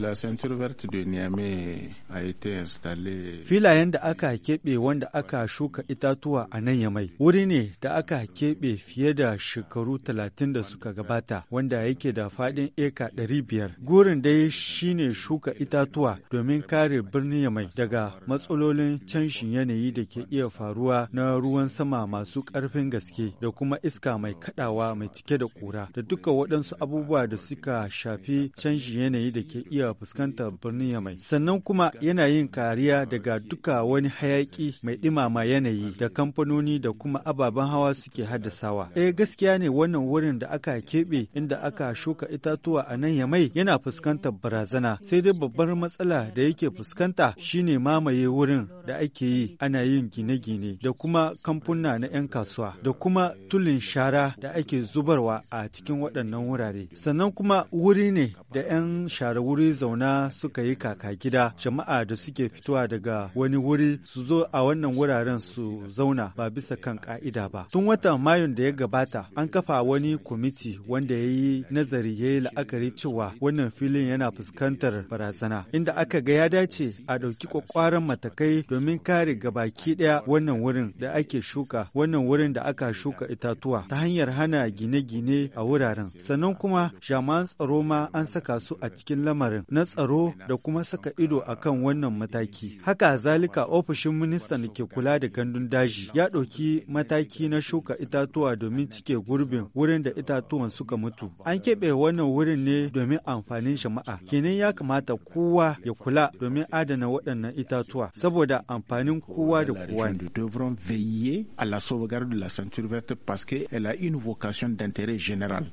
La ceinture verte de Niamey a été installée. Filayen da aka keɓe wanda aka shuka itatuwa a nan Yamai. Wuri ne da aka keɓe fiye da shekaru talatin da suka gabata wanda yake da faɗin eka ɗari biyar. Gurin dai shine shuka itatuwa domin kare birnin Yamai daga matsalolin canshin yanayi da ke iya faruwa na ruwan sama masu ƙarfin gaske da kuma iska mai kaɗawa mai cike da ƙura da duka waɗansu abubuwa da suka shafi canshin yanayi da ke iya iya fuskantar birnin Yamai. Sannan kuma yana yin kariya daga duka wani hayaki mai ɗimama yanayi da kamfanoni da kuma ababen hawa suke haddasawa. Eh gaskiya ne wannan wurin da aka keɓe inda aka shuka itatuwa a nan Yamai yana fuskantar barazana. Sai dai babbar matsala da yake fuskanta shine mamaye wurin da ake yi ana yin gine-gine da kuma kamfuna na 'yan kasuwa da kuma tulin shara da ake zubarwa a cikin waɗannan wurare. Sannan kuma wuri ne da 'yan share wuri zauna suka yi kaka gida jama'a da suke fitowa daga wani wuri su zo a wannan wuraren su zauna ba bisa kan ka'ida ba tun watan mayun da ya gabata an kafa wani kwamiti wanda ya yi nazari ya yi la'akari cewa wannan filin yana fuskantar barazana inda aka ga ya dace a ɗauki kwakwaran matakai domin kare gabaki ɗaya wannan wurin da ake shuka wannan wurin da aka shuka itatuwa ta hanyar hana gine-gine a wuraren sannan kuma jama'an tsaro ma an saka saka su a cikin lamarin na tsaro da kuma saka ido a kan wannan mataki. Haka zalika ofishin ministan da ke kula da gandun daji ya ɗauki mataki na shuka itatuwa domin cike gurbin wurin da itatuwan suka mutu. An keɓe wannan wurin ne domin amfanin jama'a. Kenan ya kamata kowa ya kula domin adana waɗannan itatuwa saboda amfanin kowa da kowa ne. à la sauvegarde de la ceinture verte parce qu'elle a une vocation d'intérêt général.